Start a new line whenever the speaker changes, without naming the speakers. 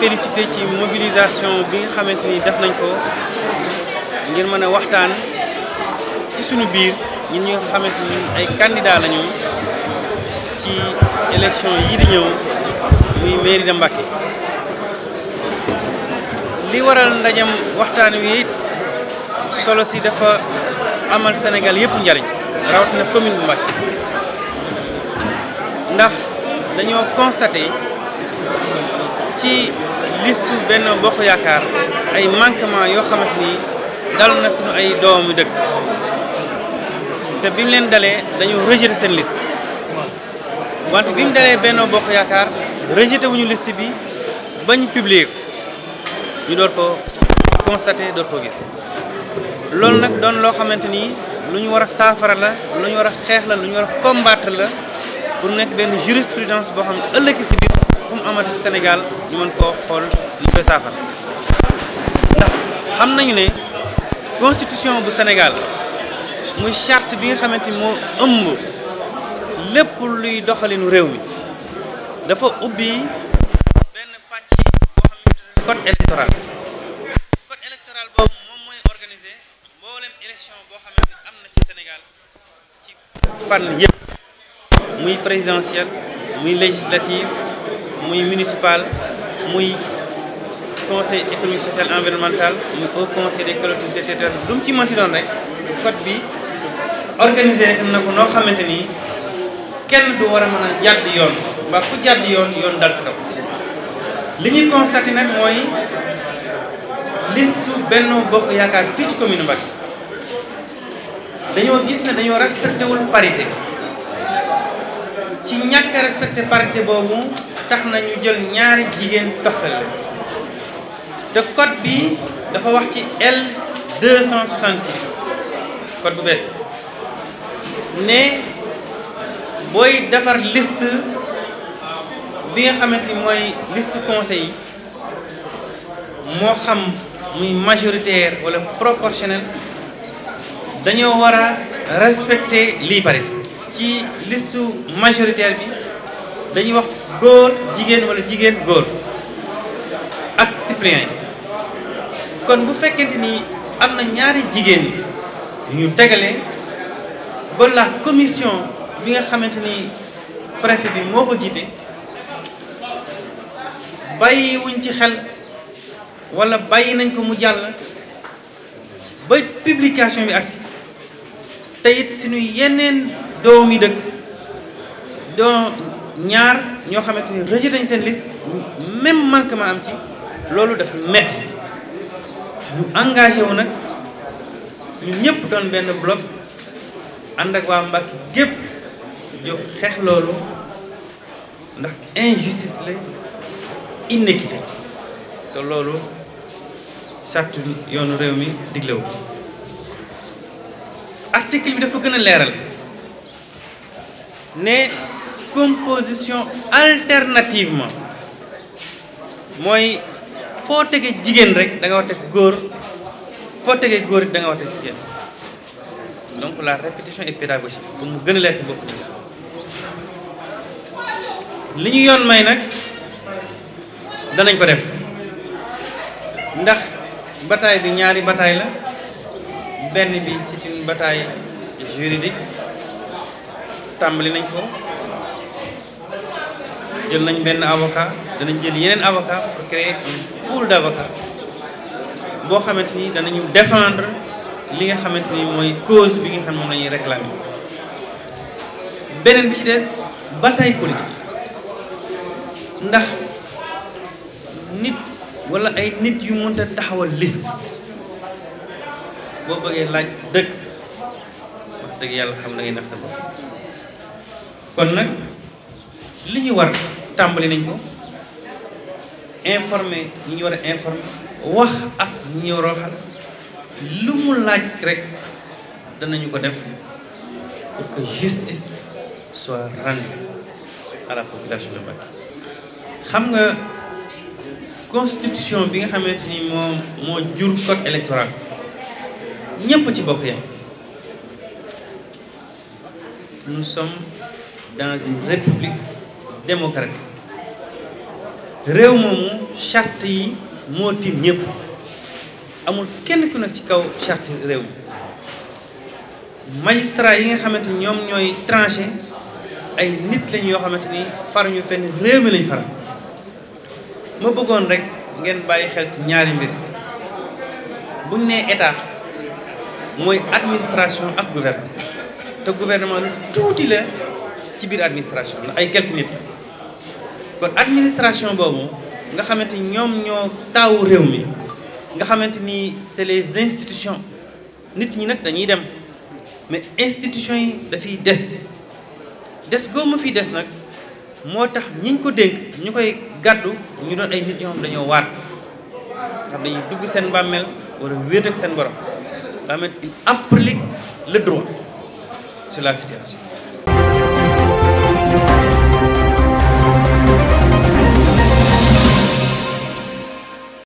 félicité ci mobilisation bi nga xamante ni def nañ ko ngir mën a waxtaan ci suñu biir ñun ñi nga xamante ni ay candidat lañu ci élection yi di ñëw muy mairie de Mbacké li waral ndajam waxtaan wi it solo si dafa amal Sénégal yëpp njariñ rawatina commune bu Mbacké ndax dañoo constaté ci listu benn bokk yaakaar ay manquement yoo xamante ni dal na suñu ay doomu dëkk te bi mu leen dalee dañu rejeté seen liste wante bi mu dalee benn bokk yaakaar rejeté wuñu liste bi bañ publier ñu doot ko constaté doot ko gis loolu nag doon loo xamante ni lu ñu war a saafara la lu ñu war a xeex la lu ñu war a combattre la pour nekk benn jurisprudence boo xam ne ëllëg si biir fu mu amati Sénégal ñu mën koo xool li koy saafara ndax xam nañu ne constitution bu Sénégal muy charte bi nga xamante ni moo ëmb lépp luy doxalinu réew mi dafa ubbi benn pàcc boo xam ne code électoral code électoral boobu moom mooy organiser mboolem élection boo xamante ni am na ci Sénégal ci fànn yëpp muy présidentielle muy législative muy municipal muy conseil économique social environnemental muy au conseil des collectivités territoriales lu ci mënti doon rek code bi organisé na ko noo xamante ni kenn du war a mën a jàdd yoon mbaa ku jàdd yoon yoon dal sa kaw li ñuy constaté nag mooy liste Benno Bokk Yaakaar fii ci commune Mbacké dañoo gis ne dañoo respecté wul ci ñàkk respecté parité boobu tax na ñu ñaari jigéen toftal leen te code bi dafa wax ci L266 code bu bees bi ne booy defar liste bi nga xamante ni mooy liste conseil yi moo xam muy majoritaire wala proportionnel dañoo war a respecter lii pare ci liste majoritaire bi dañuy wax góor jigéen walla jigéen góor ak cyprien yi kon bu fekkente ni am na ñaari jigéen yu ñu tegale ba la commission bi nga xamante ni préfet bi moo ko jiite bàyyi ci xel wala bàyyi nañ ko mu jàll ba publication bi agsi te it suñu yeneen doomi dëkk doo ñaar ñoo xamante ni rejeté nañ seen liste même manquement am ci loolu dafa metti ñu engagé wu nag ñu ñëpp doon benn bloc ànd ak waa Mbàkke gépp jóg xeex loolu ndax injustice la inéquité te loolu sart yoonu réew mi diglewu article bi dafa gën a leeral ne composition alternativement mooy foo tege jigéen rek da nga wax teg góor foo tege góor it da nga wax teg jigéen donc la répétition est pédagogique pour mu gën a leer bopp nit li ñu yoon may nag danañ ko def ndax bataay bi ñaari bataay la benn bi c'est une bataille juridique tàmbali nañ ko jël nañ benn avocat danañ jël yeneen avocat pour créer un pool boo xamante ni danañu défendre li nga xamante ni mooy cause bi nga xam moom la ñuy réclamer beneen bi ci des bataille politique ndax nit wala ay nit yu mënta taxawal list boo bëggee laaj dëkk wax dëgg yàlla xam na ngay nax sa bopp kon nag li ñu war tàmbali nañ ko informé ñi ñu war a informé wax ak ñi ñu war a waxal lu mu laaj rek danañu ko def pour que justice soit rendue à la population de Mbacké xam nga constitution bi nga xamante ni moo moo jur code électoral ñëpp ci bokk ya nous sommes dans une république démocratique
réew moomu
charte yi moo tiim ñëpp amul kenn ku nekk ci kaw charte réew mi magistrat yi nga xamante ni ñoom ñooy tranché ay nit lañ yoo xamante ni far faruñu fenn réew mi lañu faral ma bëggoon rek ngeen bàyyi xel ci ñaari mbir buñ ne état mooy administration ak gouvernement te gouvernement lu tuuti la ci biir administration la ay quelques nit kon administration boobu nga xamante ni ñoom ñoo taawu réew mi nga xamante ni c'est les institutions nit ñi nag dañuy dem mais institutions yi dafiy des des goomu fi des nag moo tax ñiñ ko dénk ñu koy gàddu ñu doon ay nit ñoo xam dañoo waat xam dañuy dugg seen bàmmeel wala wéet ak seen borom bàmmeel il applique le droit sur la situation